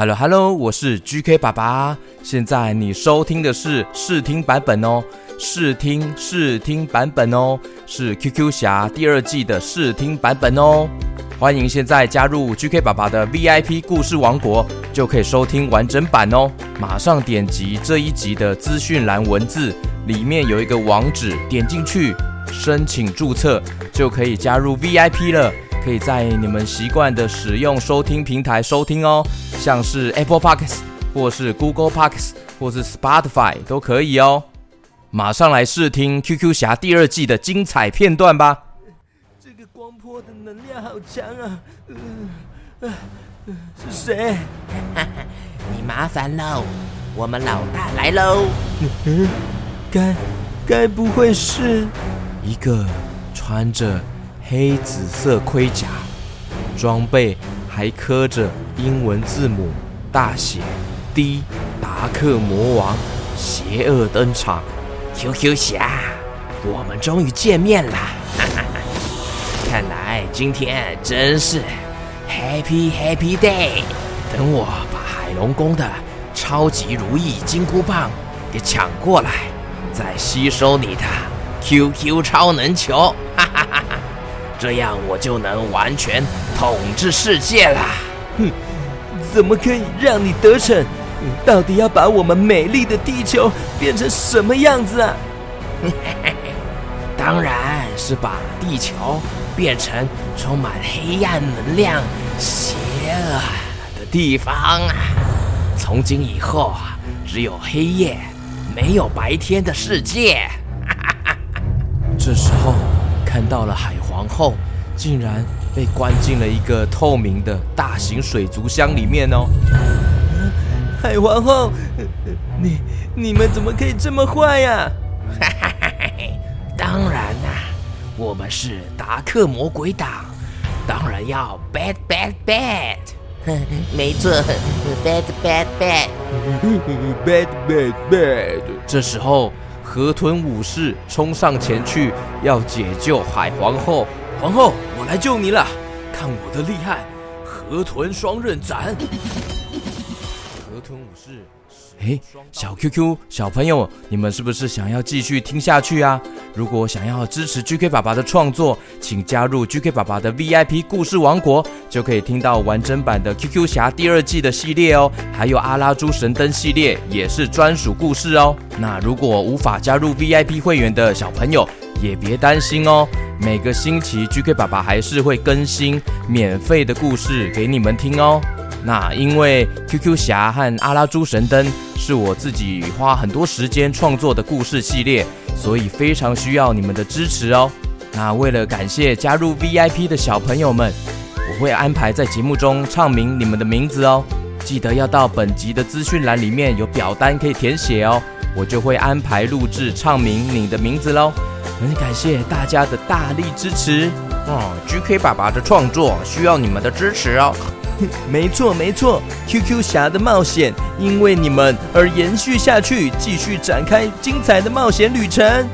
Hello Hello，我是 G K 爸爸，現在你收聽的是試聽版本哦，試聽試聽版本哦，是 Q Q 俠第二季的試聽版本哦。歡迎現在加入 G K 爸爸的 V I P 故事王國，就可以收聽完整版哦。馬上點擊這一集的資訊欄文字，裡面有一個網址，點進去申請註冊，就可以加入 V I P 了。可以在你們習慣的使用收聽平台收聽哦，像是 Apple Podcasts 或是 Google Podcasts 或是 Spotify 都可以哦。馬上來試聽《Q Q 俠》第二季的精彩片段吧。這個光波的能量好強啊！是誰？你麻煩嘍，我們老大來嘍！該該不會是一個穿着？黑紫色盔甲，裝備還刻着英文字母大寫 D，達克魔王邪惡登場。QQ 俠，我們終於見面了，哈哈哈！看來今天真是 Happy Happy Day。等我把海龍宮的超級如意金箍棒給搶過來，再吸收你的 QQ 超能球，哈哈哈哈！這樣我就能完全統治世界了。哼，怎麼可以讓你得逞？你到底要把我們美麗的地球變成什麼樣子啊？當然是把地球變成充滿黑暗能量、邪惡的地方啊！從今以後，只有黑夜，沒有白天的世界。哈哈，這時候。看到了海皇後，竟然被關進了一個透明的大型水族箱裡面哦！海皇後，你你們怎麼可以這麼壞呀、啊？ 當然啦、啊，我們是達克魔鬼黨，當然要 bad, bad, bad, bad bad bad。沒 錯，bad bad bad，bad bad bad。這時候。河豚武士衝上前去，要解救海皇後。皇後，我來救你了！看我的厲害，河豚雙刃斬！河豚武士，誒，小 QQ 小朋友，你們是不是想要繼續聽下去啊？如果想要支持 GK 爸爸的創作，請加入 GK 爸爸的 VIP 故事王國。就可以聽到完整版的《Q Q 俠》第二季的系列哦，還有《阿拉豬神燈》系列也是專屬故事哦。那如果無法加入 V I P 會員的小朋友，也別擔心哦。每個星期 G K 爸爸還是會更新免費的故事給你們聽哦。那因為《Q Q 俠》和《阿拉豬神燈》是我自己花很多時間創作的故事系列，所以非常需要你們的支持哦。那為了感謝加入 V I P 的小朋友們，我會安排在節目中唱名你們的名字哦，記得要到本集的資訊欄裡面有表單可以填寫哦，我就會安排錄制唱名你的名字嘍。很感謝大家的大力支持，哦、啊，GK 爸爸的創作需要你們的支持哦。沒錯沒錯，QQ 俠的冒險因為你們而延續下去，繼續展開精彩的冒險旅程。